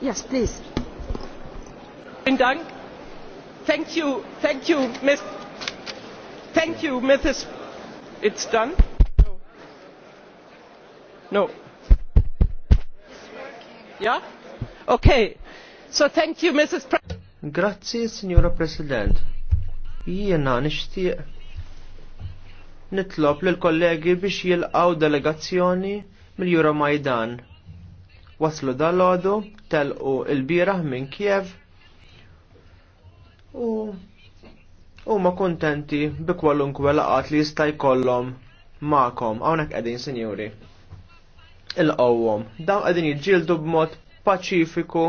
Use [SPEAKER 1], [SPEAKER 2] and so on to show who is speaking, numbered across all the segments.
[SPEAKER 1] Yes, please. Thank you, thank you, Thank you, Mrs. It's done.
[SPEAKER 2] No. Yeah? Okay. So
[SPEAKER 3] thank you, Mrs. Grazzi, Signora President. Jiena nixtieq nitlob lill kollegi biex jilqgħu delegazzjoni mill-Euromajdan waslu dal-ħodu, telqu il-biraħ minn Kiev u ma kontenti bi kwalunkwe laqat li jista' jkollhom magħkom hawnhekk qegħdin sinjuri. Il-qowwom dawn qegħdin jiġġieldu b'mod paċifiku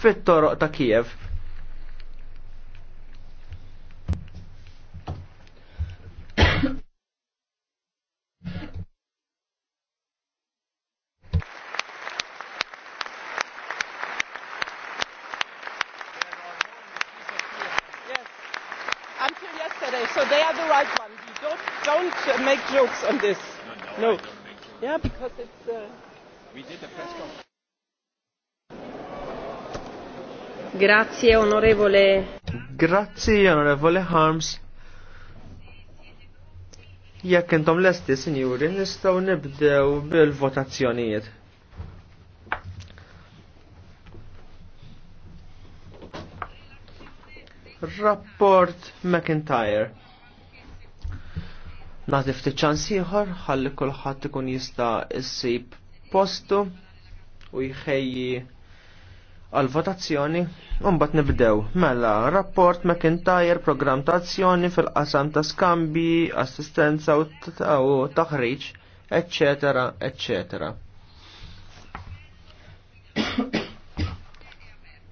[SPEAKER 3] fit-toroq ta' Kiev
[SPEAKER 2] on this? No. no. no. Yeah, because it's. Uh... We did a press conference. Grazie onorevole.
[SPEAKER 3] Grazie onorevole Harms. Jekk intom lesti, signori, nistaw nibdew bil-votazzjonijiet. Rapport McIntyre. Nagħti ftit ċans ieħor ħalli kulħadd ikun jista' issib postu u jħejji għal-votazzjoni u mbagħad nibdew. Mela, rapport McIntyre programm ta' azzjoni fil-qasam ta' skambi, assistenza u taħriġ, eccetera, eccetera.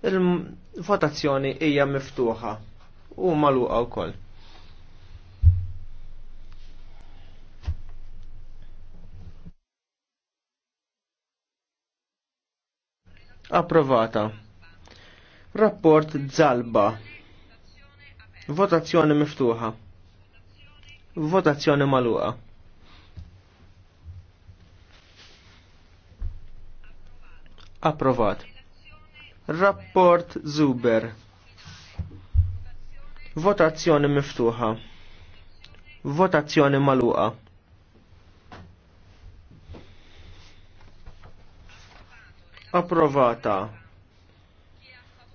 [SPEAKER 3] il-votazzjoni hija miftuħa u maluqa wkoll. Approvata. Rapport Zalba. Votazzjoni miftuħa. Votazzjoni maluqa. Approvat. Rapport Zuber. Votazzjoni miftuħa. Votazzjoni maluqa. approvata.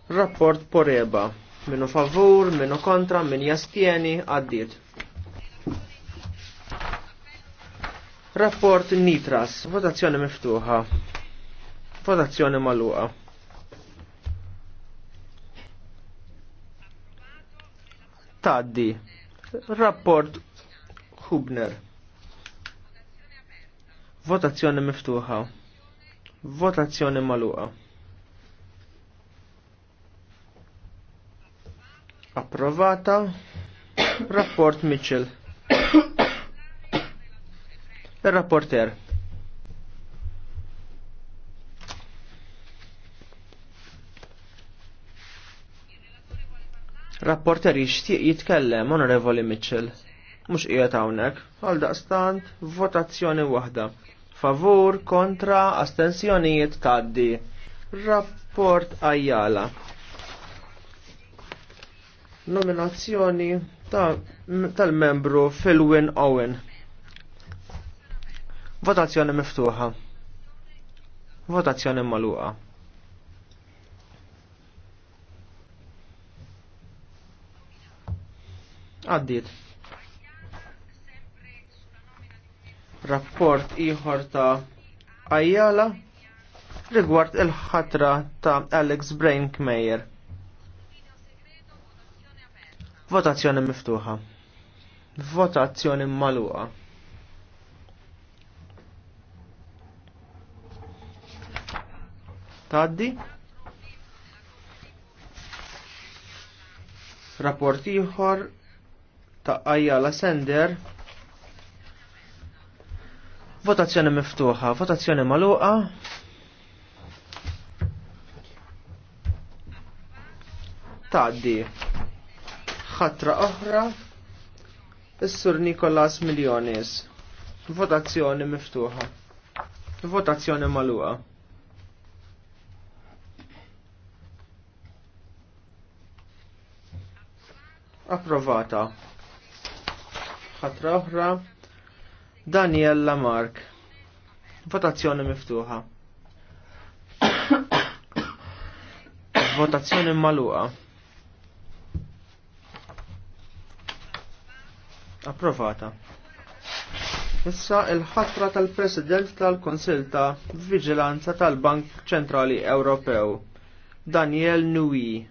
[SPEAKER 3] Rapport poreba. Minu favur, minu kontra, min jastieni, għaddit. Rapport Nitras, votazzjoni miftuħa. Votazzjoni maluqa. Taddi. Rapport Hubner. Votazzjoni miftuħa. Votazzjoni maluqa. Approvata. Rapport Mitchell. Il-rapporter. Rapporter jixtieq jitkellem, Onorevoli Mitchell. Mhux qiegħed hawnhekk, għal daqstant votazzjoni waħda favur kontra astensjonijiet taddi. Rapport Ajala. Nominazzjoni tal-membru ta Philwin Owen. Votazzjoni miftuħa. Votazzjoni maluqa. Għaddit. rapport ieħor ta' Ajala rigward il-ħatra ta' Alex Brain Kmeyer. Votazzjoni miftuħa. Votazzjoni maluqa. Taddi? Rapport ieħor ta' Ajala Sender Votazzjoni miftuħa, votazzjoni maluqa. Taddi. Ħatra oħra. Is-Sur Nikolas Miljonis. Votazzjoni miftuħa. Votazzjoni maluqa. Approvata. Ħatra oħra. Daniel Lamarck. Votazzjoni miftuħa. Votazzjoni maluqa. Approvata. Issa il-ħatra tal-President tal-Konsil ta' Vigilanza tal-Bank Ċentrali Ewropew, Daniel Nui.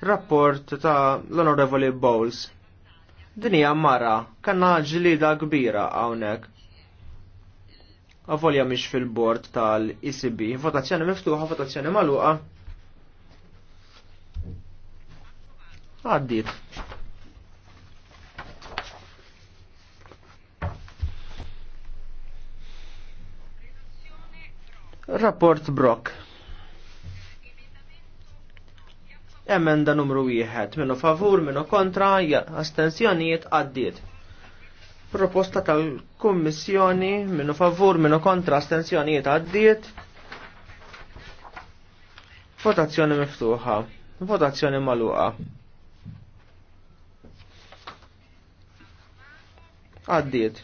[SPEAKER 3] Rapport ta' l-Onorevoli Bowles. Dinija mara, kanna ġlida kbira għawnek. Għafolja miex fil-bord tal icb votazzjoni miftuħa, votazzjoni maluqa. Għaddit. Rapport Brock. Emenda numru wieħed minnu favur, minnu kontra, astensjonijiet għaddiet. Proposta tal-Kummissjoni minnu favur, minnu kontra, astensjonijiet għaddiet. Votazzjoni miftuħa. Votazzjoni maluqa. Għaddiet.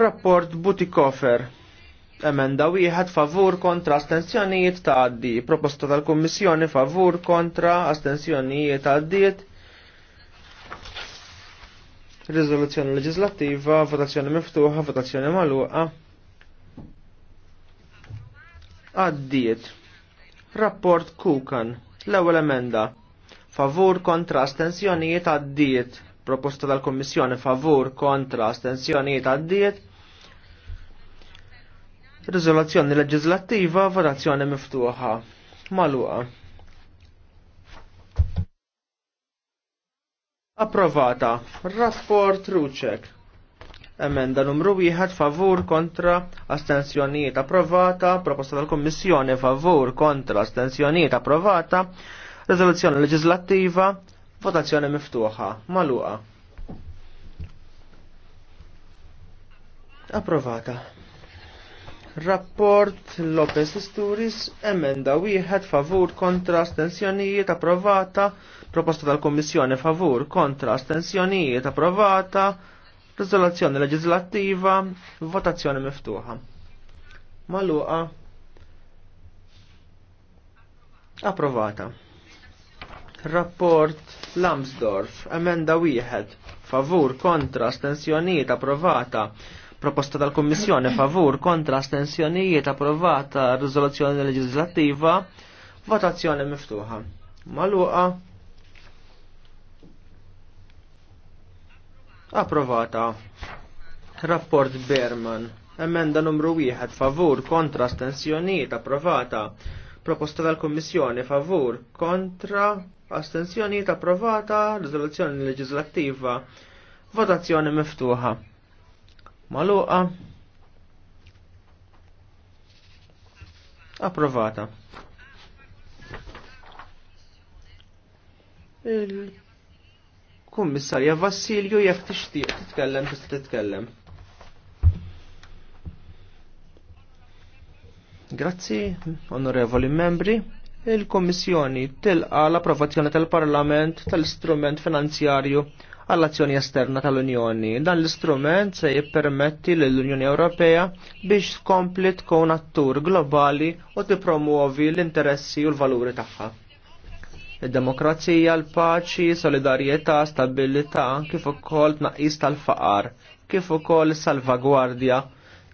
[SPEAKER 3] Rapport Butikofer. Emenda wieħed favur kontra astensjonijiet ta' għaddi. Proposta tal-Kummissjoni favur kontra astensjonijiet għaddiet. Rizoluzzjoni leġislattiva, votazzjoni miftuħa, votazzjoni magħluqa. Għaddiet. Rapport Kukan. L-ewwel emenda. Favur kontra astensjonijiet għaddiet. Proposta tal-Kommissjoni favur kontra astensjonijiet għaddiet. Rizolazzjoni leġislattiva, votazzjoni miftuħa. Maluqa. Approvata. Rapport Ruċek. Emenda numru 1 favur kontra astensjonijiet approvata, proposta tal-Kommissjoni favur kontra astensjonijiet approvata, rezoluzzjoni leġislattiva, votazzjoni miftuħa, maluqa. Approvata. Rapport Lopez Sturis emenda wieħed favur kontra astensjonijiet approvata, proposta tal-Kommissjoni favur kontra astensjonijiet approvata, riżolazzjoni leġislattiva, votazzjoni miftuħa. Maluqa. Approvata. Rapport Lambsdorff, emenda wieħed favur kontra astensjonijiet approvata, Proposta tal-Kommissjoni favur kontra astensjonijiet approvata rizoluzzjoni leġislattiva votazzjoni miftuħa. Maluqa. Approvata. Rapport Berman. Emenda numru 1 favur kontra astensjonijiet approvata. Proposta tal-Kommissjoni favur kontra astensjonijiet approvata. Rizoluzzjoni leġislattiva. Votazzjoni miftuħa. Maluqa. Approvata. Il-Kummissarja Vassilju jekk tixtieq titkellem tista' titkellem. Grazzi, onorevoli membri. Il-Kommissjoni tilqa l-approvazzjoni tal-Parlament tal-istrument finanzjarju għall-azzjoni esterna tal-Unjoni. Dan l-istrument se jippermetti l-Unjoni Ewropea biex tkompli tkun attur globali u tippromuovi l-interessi u l-valuri tagħha. Id-demokrazija, l-paċi, solidarjetà, stabilità, kif ukoll tnaqqis tal-faqar, kif ukoll salvagwardja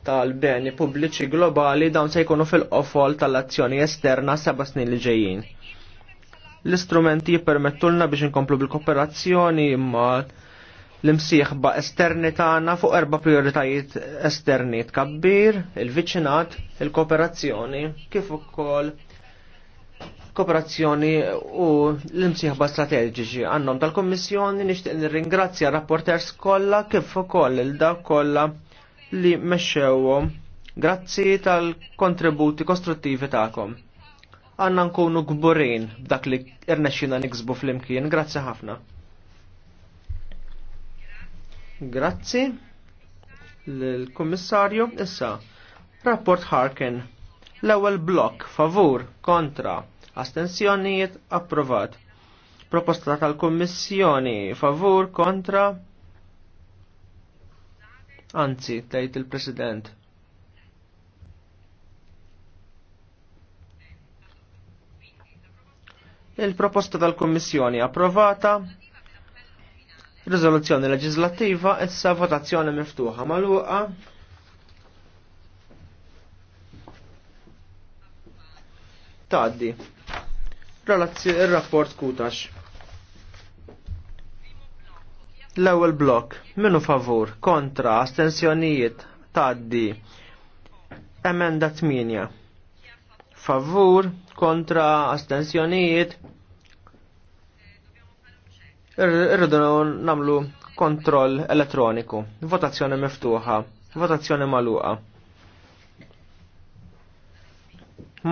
[SPEAKER 3] tal-beni pubbliċi globali dawn se jkunu fil-qofol tal-azzjoni esterna seba' snin li ġejjin. L-istrumenti jippermettulna biex inkomplu bil-kooperazzjoni imma l-imsieħba esterni tagħna fuq erba' prioritajiet esterni tkabbir, il-viċinat, il-kooperazzjoni, kif ukoll kooperazzjoni u l-imsieħba strateġiċi. Għannom tal-Kommissjoni nixtieq nirringrazzja rapporters kollha kif ukoll il dak kollha li mexxewhom. Grazzi tal-kontributi kostruttivi tagħkom għanna nkunu gburin b'dak li irnexxina niksbu fl-imkien. Grazzi ħafna. Grazzi l-Kummissarju issa. Rapport Harkin. L-ewwel blok favur kontra astensjonijiet approvat. Proposta tal-Kummissjoni favur kontra Anzi, tgħid il-President. il-proposta tal-Kommissjoni approvata, Risoluzzjoni leġislattiva issa votazzjoni miftuħa maluqa. Taddi. Il-rapport kutax. L-ewwel blok, minu favur, kontra, astensjonijiet, taddi. Emenda 8 favur kontra astensjonijiet irridu namlu kontroll elettroniku votazzjoni miftuħa votazzjoni maluqa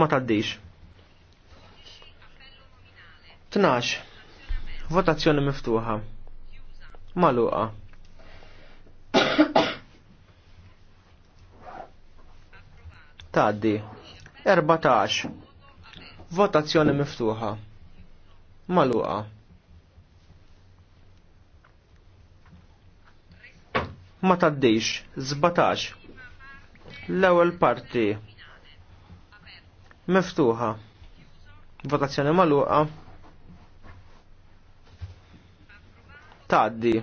[SPEAKER 3] ma taddix 12 votazzjoni miftuħa maluqa taddi 14. Votazzjoni miftuħa. Maluqa. Ma taddix. 17. L-ewwel parti. Miftuħa. Votazzjoni maluqa. Taddi.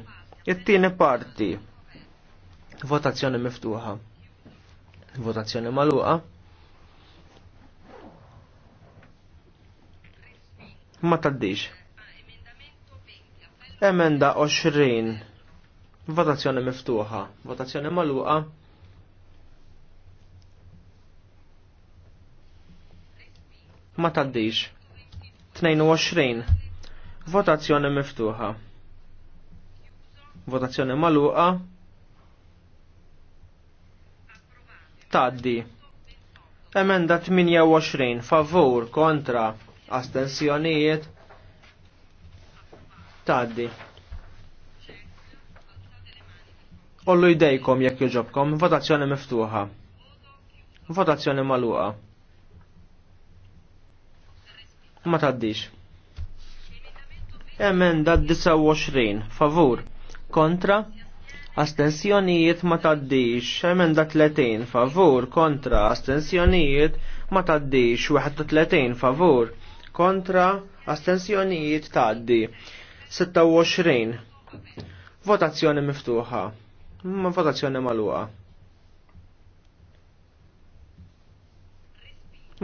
[SPEAKER 3] It-tieni parti. Votazzjoni miftuħa. Votazzjoni maluqa. Ma taddix. Emenda 20. Votazzjoni miftuħa. Votazzjoni maluqa. Ma taddix. 22. Votazzjoni miftuħa. Votazzjoni maluqa. Taddi. Emenda 28. Favur kontra astensjonijiet taddi. Ollu jdejkom jekk joġobkom, votazzjoni miftuħa. Votazzjoni maluqa. Ma taddix. Emenda 29, favur, kontra, astensjonijiet ma taddix, emenda 30, favur, kontra, astensjonijiet ma taddix, 31, favur, kontra astensjonijiet tgħaddi. 26. Votazzjoni miftuħa. Ma votazzjoni magħluqa.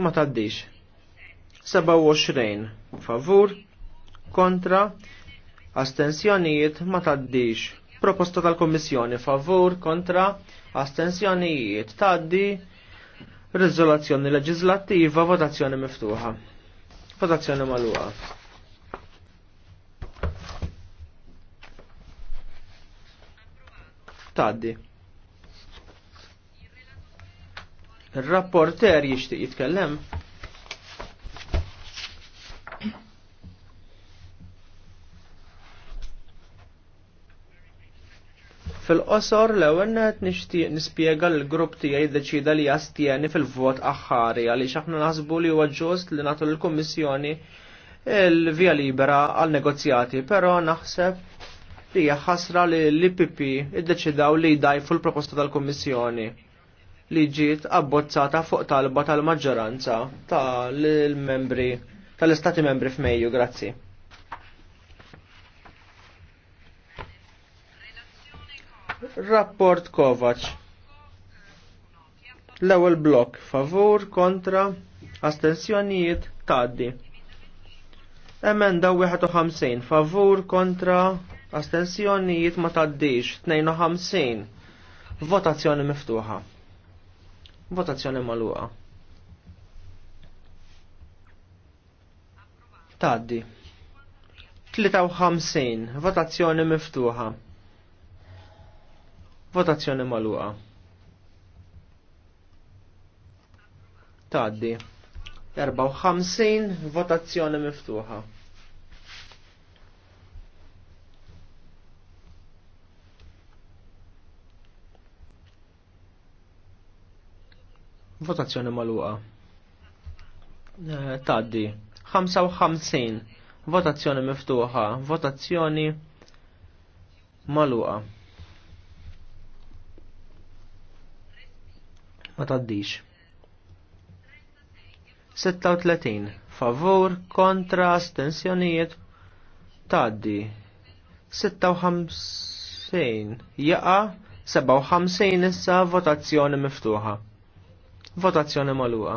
[SPEAKER 3] Ma tgħaddix. 27 favur kontra astensjonijiet ma taddix. Proposta tal-Komissjoni favur kontra astensjonijiet taddi rizolazzjoni leġislattiva votazzjoni miftuħa pozazzjoni maluqa. Taddi. Il-rapporter jixtieq jitkellem. Fil-qosor l-ewwel qed nixtieq nispjega l grupp tiegħi ddeċida li jastieni fil-vot aħħari għaliex aħna naħsbu li huwa ġust li nagħtu l kummissjoni l-via libera għal negozjati, però naħseb li hija ħasra li l-IPP iddeċidaw li jdajfu l-proposta tal-Kummissjoni li ġiet abbozzata fuq talba tal-maġġoranza tal-membri tal-istati membri f'Mejju, grazzi. Rapport Kovac. L-ewwel blok favur kontra astensjonijiet tgħaddi. Emenda 51 favur kontra astensjonijiet ma tgħaddix 52. Votazzjoni miftuħa. Votazzjoni magħluqa. Tgħaddi. 53 votazzjoni miftuħa. Votazzjoni maluqa. Taddi. 54 votazzjoni miftuħa. Votazzjoni maluqa. Taddi. 55. Votazzjoni miftuħa. Votazzjoni maluqa. ma taddix. 36 favur kontra astensjonijiet taddi. 56 jaqa 57 issa votazzjoni miftuħa. Votazzjoni maluqa.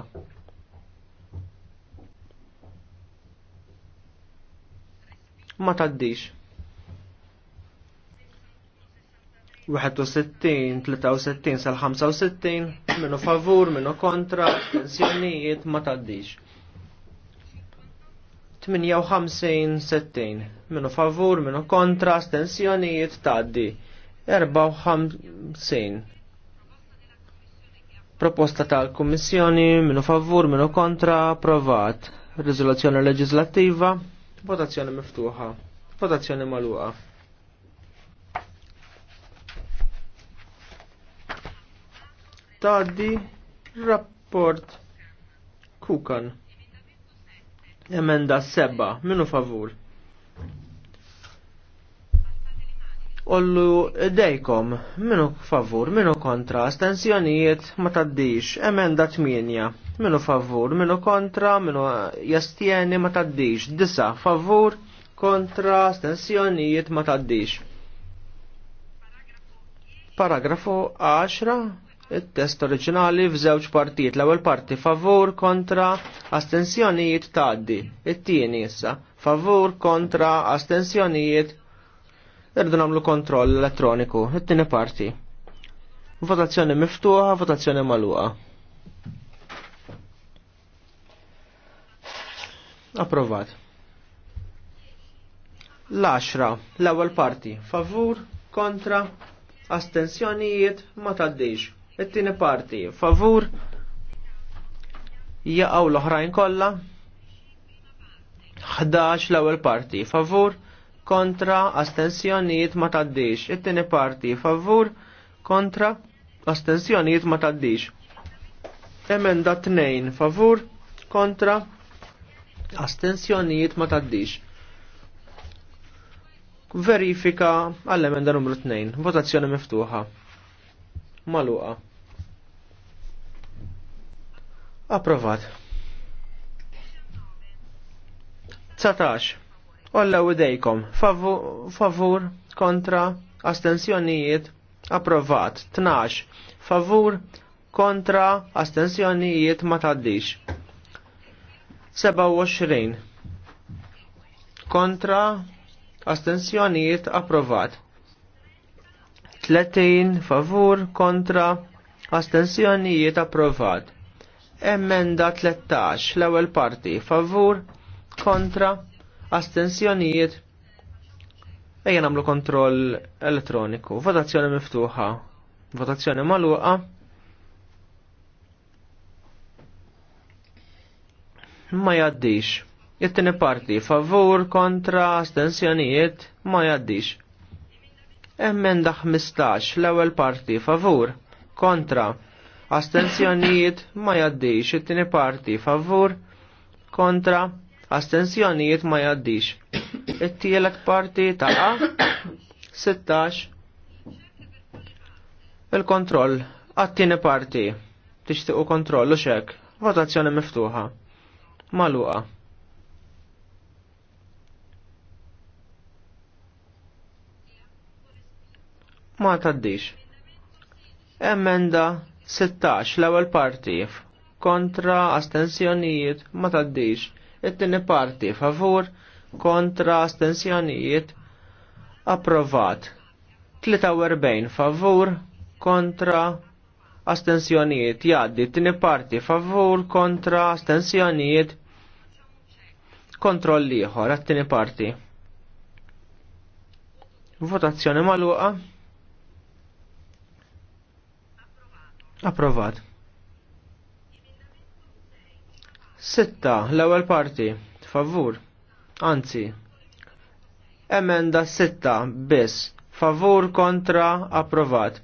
[SPEAKER 3] Ma taddix. 61, 63 sal-65 minnu favur, minnu kontra, tensjonijiet ma taddix. 58-60, minnu favur, minnu kontra, stensjonijiet taddi. 54. Proposta tal-Kummissjoni, minnu favur, minnu kontra, approvat. Rizoluzzjoni leġislattiva, votazzjoni miftuħa, votazzjoni maluqa. tgħaddi rapport Kukan. Emenda seba, minu favur. Ollu dejkom, minu favur, minu kontra, stensjonijiet ma taddix, emenda 8, minu favur, minu kontra, minu jastjeni ma taddix, disa favur, kontra, stensjonijiet ma taddix. Paragrafu 10, il-test oriġinali f'żewġ partijiet. L-ewwel parti favur kontra astensjonijiet tgħaddi. It-tieni issa favur kontra astensjonijiet irdu nagħmlu kontroll elettroniku. It-tieni parti. Votazzjoni miftuħa, votazzjoni magħluqa. Approvat. L-10, l-ewwel parti, favur, kontra, astensjonijiet, ma tgħaddix it-tieni parti favur jaqgħu l-oħrajn kollha 11 l-ewwel parti favur kontra astensjonijiet ma taddix it-tieni parti favur kontra astensjonijiet ma taddix emenda 2 favur kontra astensjonijiet ma taddix verifika għall-emenda numru 2 votazzjoni miftuħa maluqa. Approvat. 19. Olla u dejkom. Favur, kontra, astensjonijiet, approvat. 12. Favur, kontra, astensjonijiet ma taddix. 27. Kontra, astensjonijiet approvat. 30 favur kontra astensjonijiet approvat. Emenda 13 l-ewwel parti favur kontra astensjonijiet Ejja nagħmlu kontroll elettroniku. Votazzjoni miftuħa. Votazzjoni magħluqa. Ma jgħaddix. It-tieni parti favur kontra astensjonijiet ma jgħaddix. Emmenda 15 l-ewwel parti favur kontra astensjonijiet ma jaddix it-tieni parti favur kontra astensjonijiet ma jaddix. It-tielet parti ta' 16 il-kontroll għat-tieni parti tixtiqu kontrollu xek votazzjoni miftuħa maluqa ma taddix. Emenda 16 l-ewwel parti kontra astensjonijiet ma taddix. It-tieni parti favur kontra astensjonijiet approvat. 43 favur kontra astensjonijiet jaddi. Tini parti favur kontra astensjonijiet kontroll liħor it tini parti. Votazzjoni maluqa. Approvat. Sitta, l-ewwel parti, favur. Anzi, emenda sitta biss, favur kontra approvat.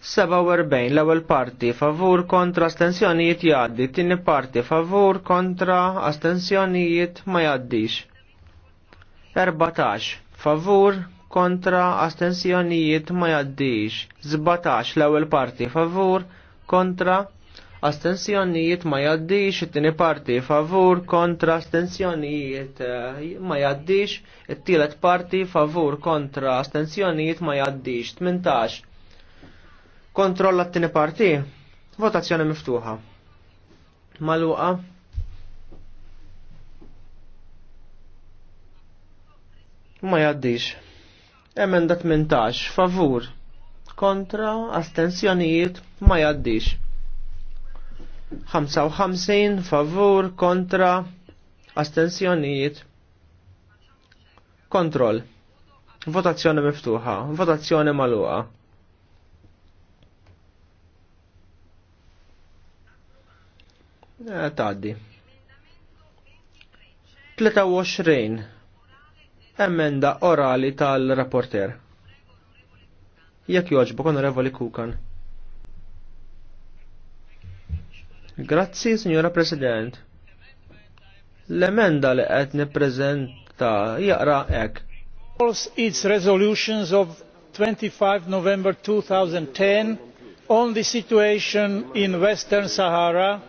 [SPEAKER 3] 47 l-ewwel parti favur kontra astensjonijiet jgħaddi, tieni parti favur kontra astensjonijiet ma jgħaddix. 14 favur kontra astensjonijiet ma jaddix. 17 l-ewwel parti favur kontra astensjonijiet ma jaddix, it-tieni parti favur kontra astensjonijiet eh, ma jaddix, it-tielet parti favur kontra astensjonijiet ma jaddix. 18. Kontrolla t-tieni parti. Votazzjoni miftuħa. Maluqa. Ma jaddix. Emenda 18, favur. Kontra, astensjonijiet, ma jaddix. 55, favur, kontra, astensjonijiet. Kontroll. Votazzjoni miftuħa, votazzjoni maluqa. Eh, Taddi. 23 emmenda orali tal-rapporter. Jekk joġbok onorevoli Kukan. Grazzi, Signora President. L-emenda li qed nippreżenta jaqra hekk.
[SPEAKER 4] its resolutions of 25 November 2010 on the situation in Western Sahara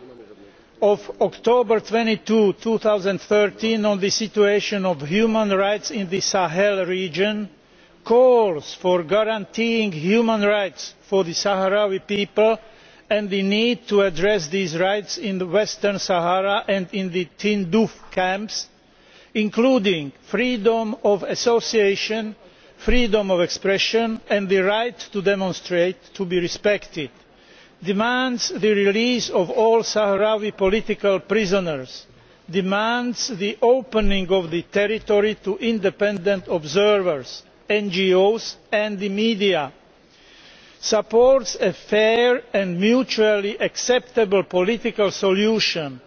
[SPEAKER 4] of october twenty two two thousand and thirteen on the situation of human rights in the sahel region calls for guaranteeing human rights for the sahrawi people and the need to address these rights in the western sahara and in the tindouf camps including freedom of association freedom of expression and the right to demonstrate to be respected demands the release of all sahrawi political prisoners demands the opening of the territory to independent observers ngos and the media supports a fair and mutually acceptable political solution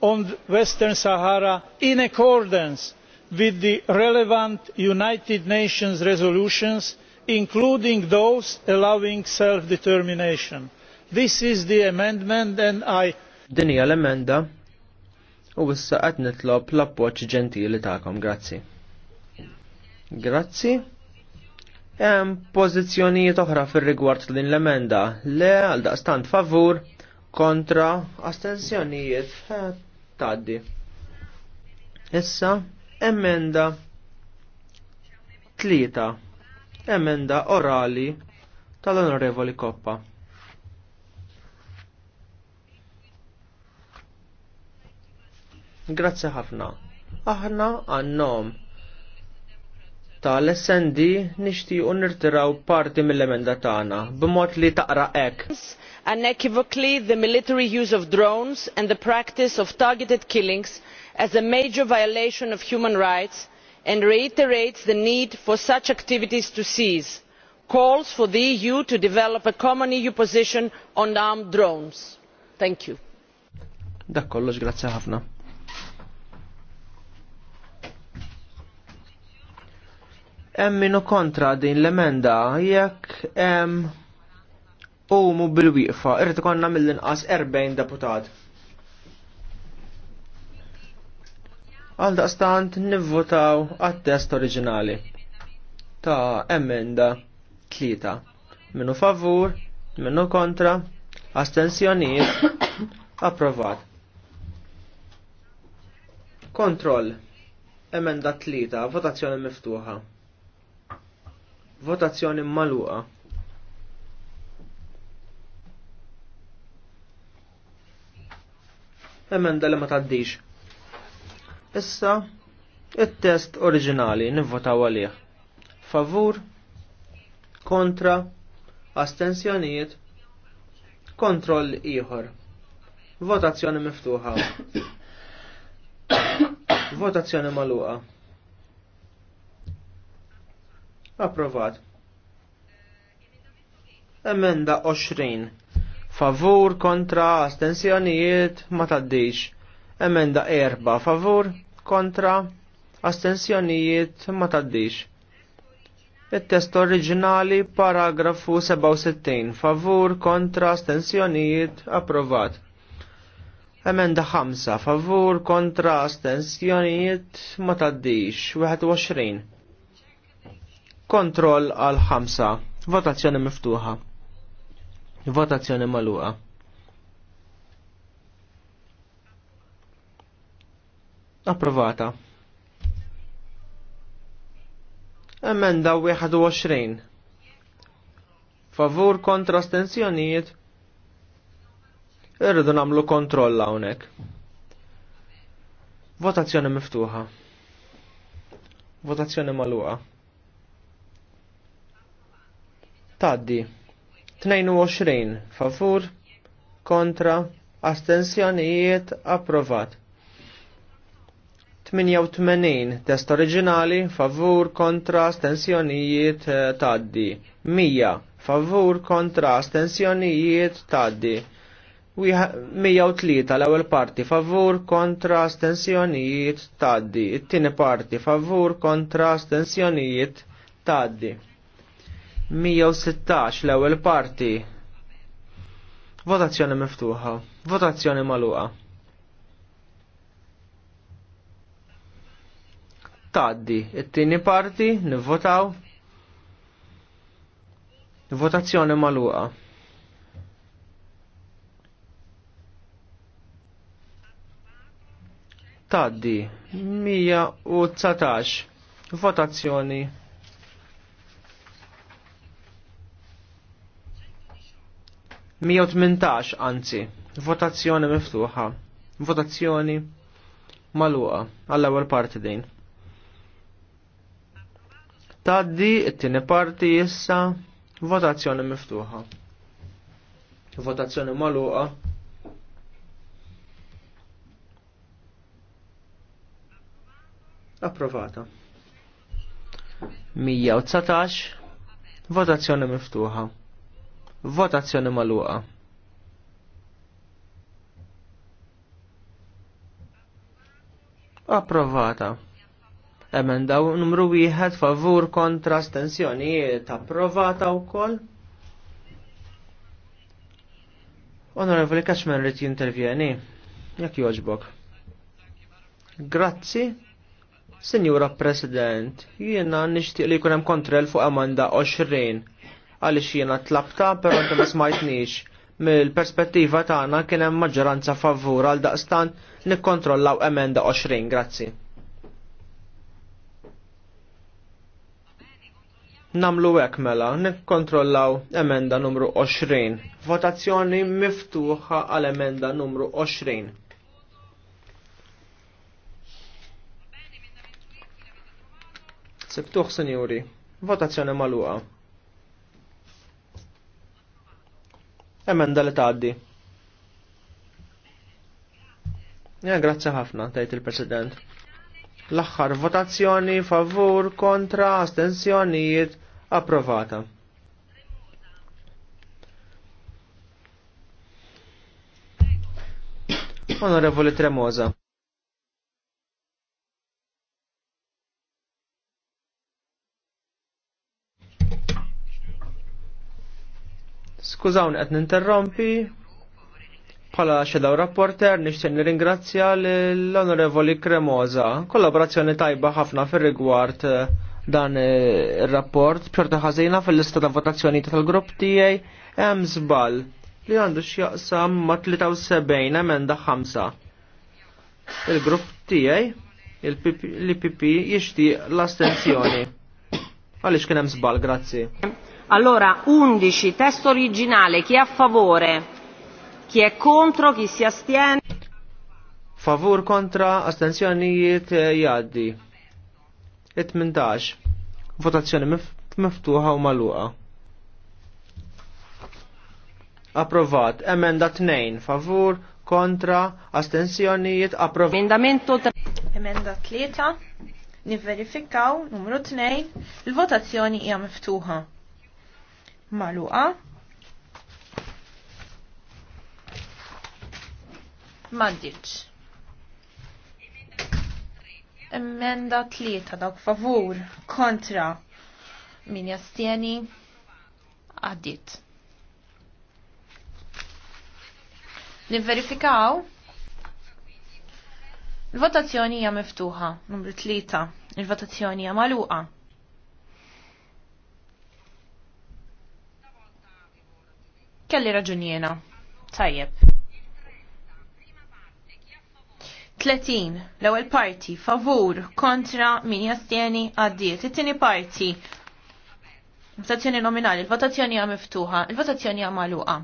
[SPEAKER 4] on western sahara in accordance with the relevant united nations resolutions including those allowing self determination. This is the amendment and I Din hija l-emenda u issa qed nitlob l-appoġġ
[SPEAKER 3] ġentili tagħkom, grazzi. Grazzi. Hemm pożizzjonijiet oħra fir-rigward din l-emenda le għal daqstant favur kontra astensjonijiet tgħaddi. Issa emenda tlieta emenda orali tal-Onorevoli Koppa. Grazzi ħafna. Aħna għannom. Ta' l snd nixtiequ unirtiraw parti mill-emenda tagħna b'mod li taqra hekk.
[SPEAKER 1] Unequivocally, the military use of drones and the practice of targeted killings as a major violation of human rights and reiterates the need for such activities to cease calls for the eu to develop a common eu position on armed drones. thank you.
[SPEAKER 3] dak kollox grazzi ħafna. hemm minu kontra din l-emenda jekk hemm umu bil-wieqfa irrid ikonna mill-inqas 40 deputat. Għal daqstant nivvotaw għat-test oriġinali ta' emenda tlieta. Minu favur, minu kontra, astensjonijiet, approvat. Kontroll. Emenda tlieta, votazzjoni miftuħa. Votazzjoni maluqa. Emenda li ma taddix. Issa, il-test oriġinali nivvotaw għalih. Favur, kontra, astensjonijiet, kontroll ieħor. Votazzjoni miftuħa. Votazzjoni maluqa. Approvat. Emenda 20. Favur kontra astensjonijiet ma taddix. Emenda 4. Favur kontra astensjonijiet ma taddix. Il-test oriġinali paragrafu 67. Favur kontra astensjonijiet approvat. Emenda 5. Favur kontra astensjonijiet ma taddix. 21 kontroll għal ħamsa. Votazzjoni miftuħa. Votazzjoni maluqa. Approvata. Emenda 21. Favur kontra stenzjonijiet. Irridu namlu kontroll hawnhekk. Votazzjoni miftuħa. Votazzjoni maluqa. taddi 22 favur kontra astensjonijiet approvat 88 test oriġinali favur kontra astensjonijiet eh, taddi 100 favur kontra astensjonijiet taddi 103 l-ewwel parti favur kontra astensjonijiet taddi, it-tieni parti favur kontra astensjonijiet taddi. 116 l-ewwel parti. Votazzjoni miftuħa. Votazzjoni magħluqa. Taddi, it-tieni parti nivvotaw. Votazzjoni magħluqa. Taddi, 119. Votazzjoni 118 anzi, votazzjoni miftuħa, votazzjoni maluqa, għall-ewwel parti din. Taddi it-tieni parti issa votazzjoni miftuħa. Votazzjoni maluqa. Approvata. 119 votazzjoni miftuħa. Votazzjoni maluqa. Approvata. Emenda numru wieħed favur kontra stensjonijiet approvata wkoll. Onorevoli Kaxman rrit jintervjeni. Jak joġbok? Grazzi. Sinjura President, jiena nixtieq li jkun hemm kontroll fuq Amanda 20 għaliex jiena tlabta però inti ma smajtniex. Mill-perspettiva tagħna kien hemm maġġoranza favur għal daqstan nikkontrollaw emenda 20, grazzi. Namlu hekk mela, nikkontrollaw emenda numru 20. Votazzjoni miftuħa għal emenda numru 20. Sibtuħ, sinjuri. Votazzjoni maluqa. Emenda li tgħaddi. Ja, grazzi ħafna, tajt il-President. L-axħar votazzjoni favur kontra astensjonijiet approvata. Onorevoli Tremosa. Skużawni qed ninterrompi. Pala xedaw rapporter nixtieq nirringrazzja l-Onorevoli Kremoza. Kollaborazzjoni tajba ħafna fir-rigward eh, dan eh, ir-rapport. Pjorta ħazina fil-lista ta' votazzjoni tal-grupp tijaj, hemm żball li għandu x'jaqsam ma' 73 emenda 5. Il-grupp tijaj, l-PP jishti l-astenzjoni. Għaliex kien hemm żball, grazzi.
[SPEAKER 1] Allora, 11, testo originale, chi è a favore? Chi è contro? Chi si astiene?
[SPEAKER 3] Favur kontra astenzjonijiet eh, jaddi. 18. votazione meftuha o malua. Approvat. Emenda 2. Favur kontra astenzjonijiet approvat. Emendamento 3.
[SPEAKER 5] Emenda 3. Niverifikaw numero 2. il votazioni ia meftuha maluqa. Maddiċ. Emenda tlieta dawk favur kontra min jastieni għaddit. Niverifikaw il-votazzjoni hija miftuħa, numru tlieta, il-votazzjoni hija magħluqa. Kelli raġunjena. Tajjeb. 30. L-ewwel parti favur kontra min jastieni għaddiet. It-tieni parti votazzjoni nominali, il-votazzjoni hija miftuħa, il-votazzjoni hija magħluqa.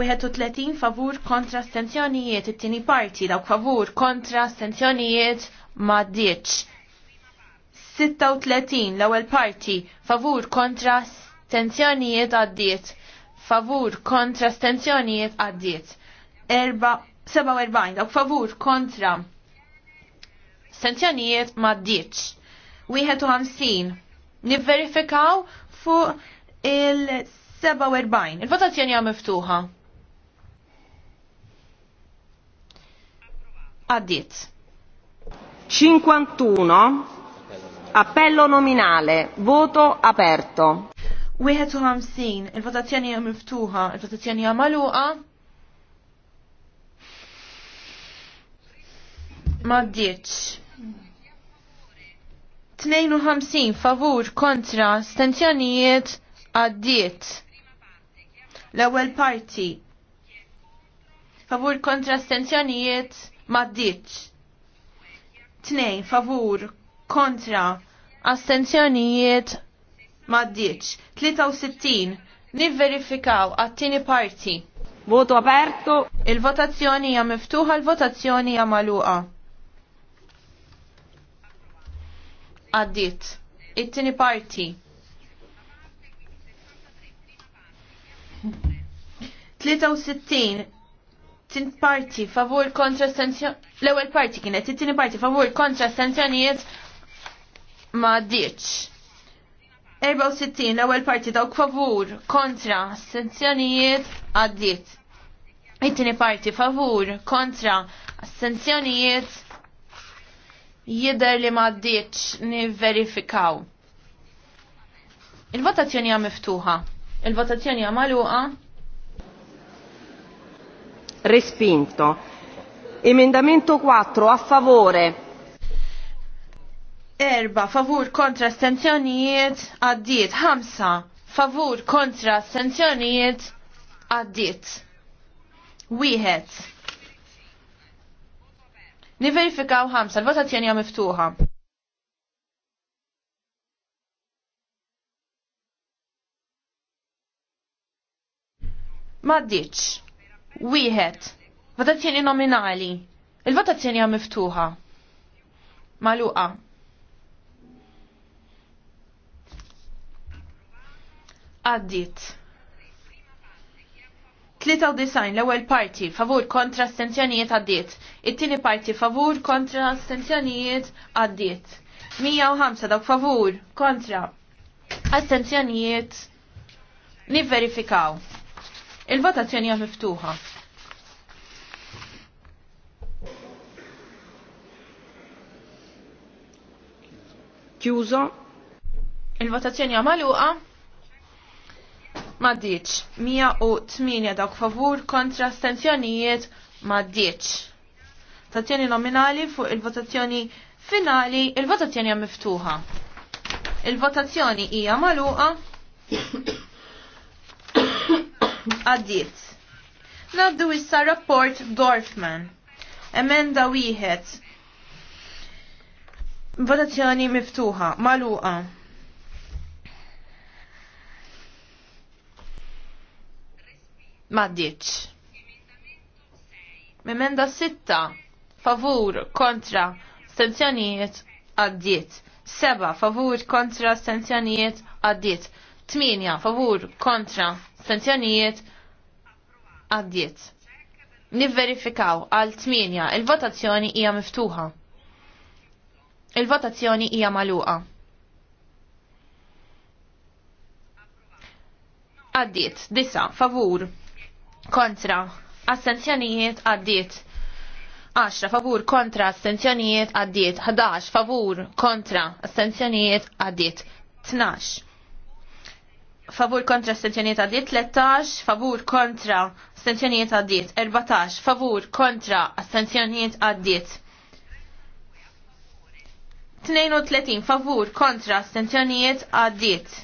[SPEAKER 5] Wieħed u tletin favur kontra stenzjonijiet, it-tieni parti dawk favur kontra stenzjonijiet ma ditx. 36 l-ewwel parti favur kontra stenzjonijiet għaddiet. Favur kontra stenzjonijiet għaddiet. 47 dawk favur kontra stenzjonijiet ma u 51 nivverifikaw fuq il-47. Il-votazzjoni għam miftuħa.
[SPEAKER 1] Għaddiet. 51 appello nominale voto aperto ħamsin. il-votazzjoni hija
[SPEAKER 5] miftuħa il-votazzjoni hija magħluqa ma ddietx ħamsin. favur kontra stenzjonijiet għaddiet l-ewwel parti favur kontra stenzjonijiet ma ddietx Tnej, favur, kontra, astenzjonijiet maddiċ. 63, nivverifikaw għattini parti. Voto aperto. Il-votazzjoni hija miftuħa, il-votazzjoni hija maluqa. Għaddit. It-tieni parti. 63 tin parti favur kontra l-ewwel parti kienet it-tieni parti favur kontra sanzjonijiet ma ditx. 64 l-ewwel parti dawk favur kontra sanzjonijiet għaddiet. It-tieni parti favur kontra sanzjonijiet jidher li ma ditx nivverifikaw. Il-votazzjoni hija miftuħa. Il-votazzjoni hija magħluqa
[SPEAKER 1] respinto. Emendamento 4 a favore. Erba favur kontra
[SPEAKER 5] astenzjonijiet għaddiet. Hamsa favur kontra astenzjonijiet għaddiet. Wieħed. Niverifikaw ħamsa, l-votazzjoni hija miftuħa. Maddiċ. Wieħed. Votazzjoni nominali. Il-votazzjoni hija miftuħa. Maluqa. Għaddit. 93 l-ewwel parti favur kontra astenzjonijiet għaddiet. It-tieni parti favur kontra astenzjonijiet għaddiet. 105 dak favur kontra astenzjonijiet nivverifikaw. Il-votazzjoni hija miftuħa. Chiuso. Il-votazzjoni hija magħluqa. Maddiċ. tminja dawk favur kontra stenzjonijiet maddiċ. Votazzjoni nominali fuq il-votazzjoni finali, il-votazzjoni hija miftuħa. Il-votazzjoni hija magħluqa. Għaddiet. Naddu issa rapport Dorfman. Emenda wieħed. Votazzjoni miftuħa, maluqa. Maddiċ. Memenda sitta. Favur, kontra, stenzjonijiet, għaddiet. Seba, favur, kontra, stenzjonijiet, għaddiet. Tminja, favur, kontra, astenzjonijiet għaddiet. Nivverifikaw għal 8 il-votazzjoni hija miftuħa. Il-votazzjoni hija maluqa. Għaddiet, disa, favur, kontra, astenzjonijiet għaddiet. 10 favur kontra astenzjonijiet għaddiet, 11 favur kontra astenzjonijiet għaddiet, 12 favur kontra stenzjoniet għaddit, 13 favur kontra stenzjoniet għaddit, 14 favur kontra stenzjoniet għaddit. 32 favur kontra stenzjoniet għaddit.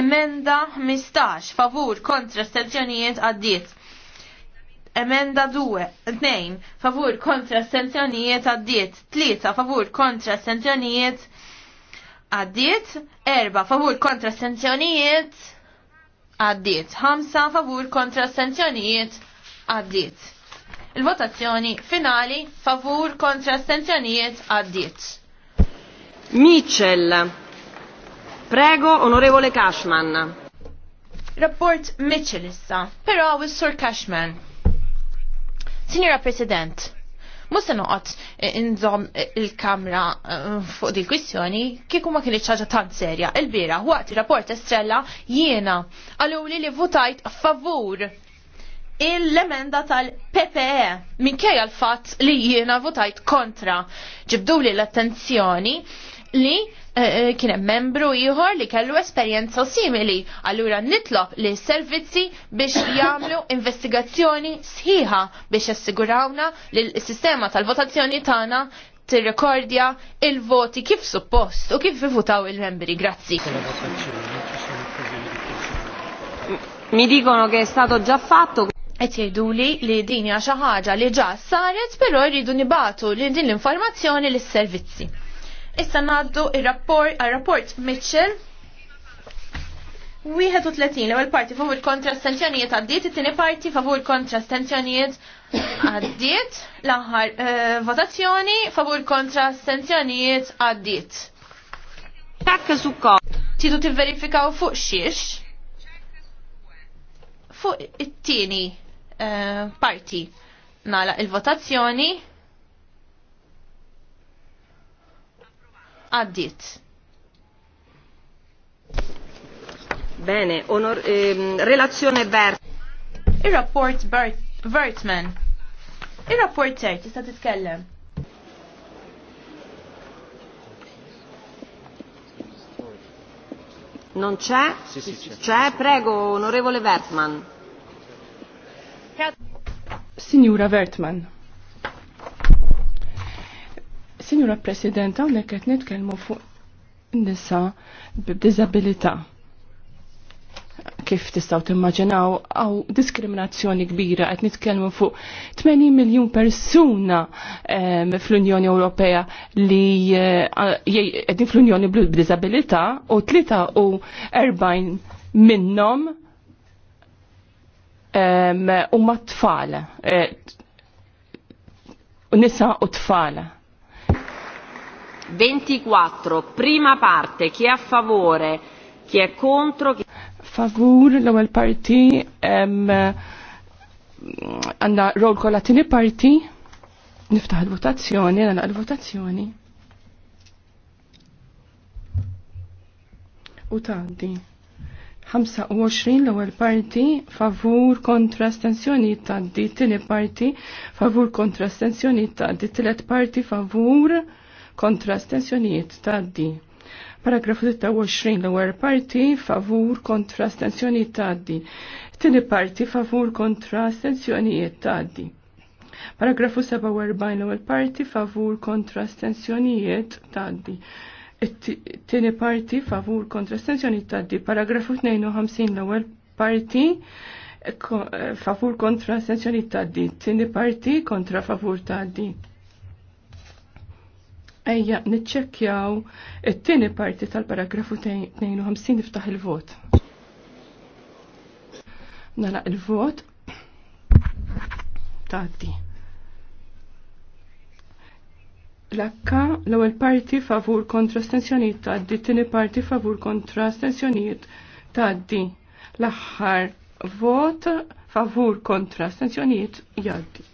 [SPEAKER 5] Emenda 15 favur kontra stenzjoniet għaddit. Emenda 2, 2 favur kontra stenzjoniet għaddit. 3 favur kontra stenzjoniet għaddit. 4 favur kontra astenzjoniet għaddiet. 5 favur kontra astenzjonijiet għaddiet. Il-votazzjoni finali favur kontra astenzjonijiet għaddiet.
[SPEAKER 1] Mitchell. Prego, onorevole Cashman.
[SPEAKER 5] Rapport Mitchell issa, però s sur Cashman. Signora President, Mus se noqgħod eh, inżomm eh, il-kamra eh, fuq di kwistjoni kieku ma kienx ħaġa tant serja. Il-bira waqt ir-rapport Estrella jiena għaluli li votajt favur l-emenda tal-PPE minkejja l-fatt li jiena votajt kontra. Ġibdu li l-attenzjoni li Eh, eh, kien hemm membru ieħor li kellu esperjenza simili. Allura nitlob li s-servizzi biex jagħmlu investigazzjoni sħiħa biex assigurawna li l-sistema tal-votazzjoni tagħna tirrekordja il-voti kif suppost u kif vivutaw il-membri. Grazzi. Mi dicono che è stato già fatto. Et jgħiduli li din hija xi ħaġa li ġa saret, però jridu nibatu li din l-informazzjoni lis-servizzi. Issa naddu il-rapport Mitchell. 31 l-ewwel parti favur kontra stenzjonijiet għaddiet, it-tieni parti favur kontra stenzjonijiet għaddiet, l-aħħar eh, votazzjoni favur kontra stenzjonijiet għaddiet. Takka sukka. Tidu tivverifikaw fuq xiex? Fuq it-tieni eh, parti nala il-votazzjoni.
[SPEAKER 1] għaddit. Bene, onor, eh, relazione Bert.
[SPEAKER 5] Il-rapport Bert, Bertman. Il-rapport ser, tista' titkellem.
[SPEAKER 1] Non c'è? C'è, prego, onorevole Bertman.
[SPEAKER 2] Signora Bertman. Signora Presidenta, unek qed nitkellmu fuq nisa b'disabilità. Kif tistaw timmaġinaw għaw diskriminazzjoni kbira qed nitkellmu fuq 80 miljun persuna ehm, fl-Unjoni Ewropea li qegħdin eh, fl-Unjoni b'disabilità u 43 minnhom ehm, huma eh, tfal. Nisa u tfal
[SPEAKER 1] 24, prima parte, chi è a favore, chi è contro, chi...
[SPEAKER 2] Favur, l-ewwel parti,
[SPEAKER 1] għandna
[SPEAKER 2] roll call għat-tieni parti, niftaħ l votazzjoni nagħlaq l votazzjoni U tgħaddi. 25 l-ewwel parti favur kontra stensjoni tgħaddi, tieni parti favur kontra stensjoni tgħaddi, tielet parti favur kontra stensjonijiet di. Paragrafu 26 l-ewwel parti favur kontra stensjonijiet di. Tieni parti favur kontra stensjonijiet di. Paragrafu 47 l-ewwel parti favur kontra stensjonijiet di. Tieni parti favur kontra stensjonijiet di. Paragrafu 52 l-ewwel parti favur kontra stensjonijiet di. Tieni parti kontra favur di. Ejja, nitċekjaw it-tieni parti tal-paragrafu 52 niftaħ il-vot. Nalaq il-vot. Tati. L-akka l-ewwel parti favur kontra stensjonijiet tgħaddi, tieni parti favur kontra stensjonijiet tgħaddi. L-aħħar vot favur kontra stensjonijiet jgħaddi.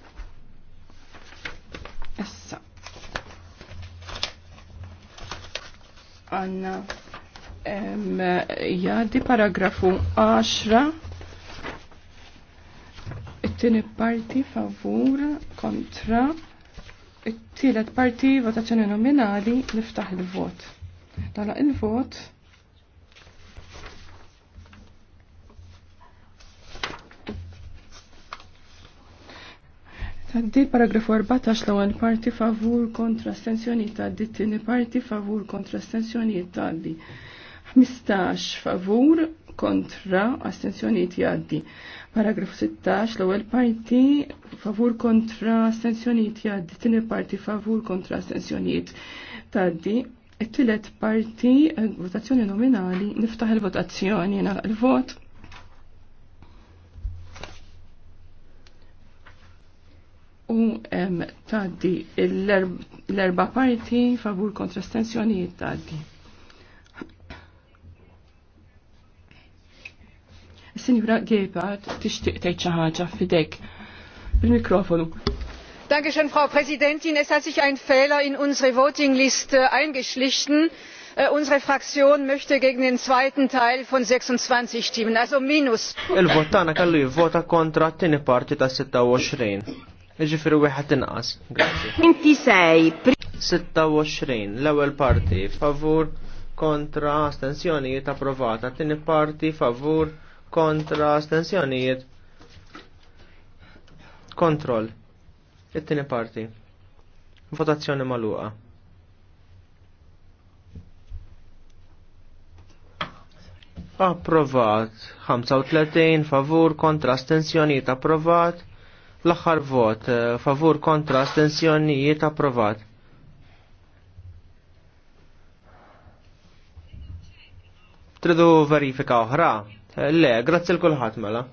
[SPEAKER 2] għanna jaddi paragrafu 10 it-tini parti favur kontra it-tielet parti votazzjoni nominali niftaħ il-vot. Dala il-vot Għaddi paragrafu 14 l-ewwel parti favur kontra astensjonijiet għaddi t parti favur kontra astensjonijiet għaddi. 15 favur kontra astensjonijiet għaddi. Paragrafu 16 l-ewwel parti favur kontra astensjonijiet għaddi, Tini parti favur kontra astensjonijiet tgħaddi. It-tielet parti votazzjoni nominali niftaħ il-votazzjoni il-vot. il votazzjoni il vot il vot u um, taddi l-erba parti favur kontra stensjonijiet taddi. Sinjura Gebhardt tixtieq tgħid xi ħaġa f'idek il mikrofonu
[SPEAKER 1] Dankeschön, Frau Präsidentin. Es hat sich ein Fehler in unsere Votingliste eingeschlichen. Uh, unsere Fraktion möchte gegen den zweiten Teil von 26 stimmen, also minus.
[SPEAKER 3] Il-votana kallu jivvota kontra t-tini parti ta' 26. Ġifiri wieħed inqas. Grazzi. 26. L-ewwel parti favur kontra astensjonijiet approvata. Tieni parti favur kontra astensjonijiet. Kontroll. It-tieni parti. Votazzjoni magħluqa. Approvat. 35 favur kontra astensjonijiet approvat. L-aħħar vot eh, favur kontra astensjonijiet approvat. Tridu verifika oħra? Eh, le, grazzi l-kulħadd mela.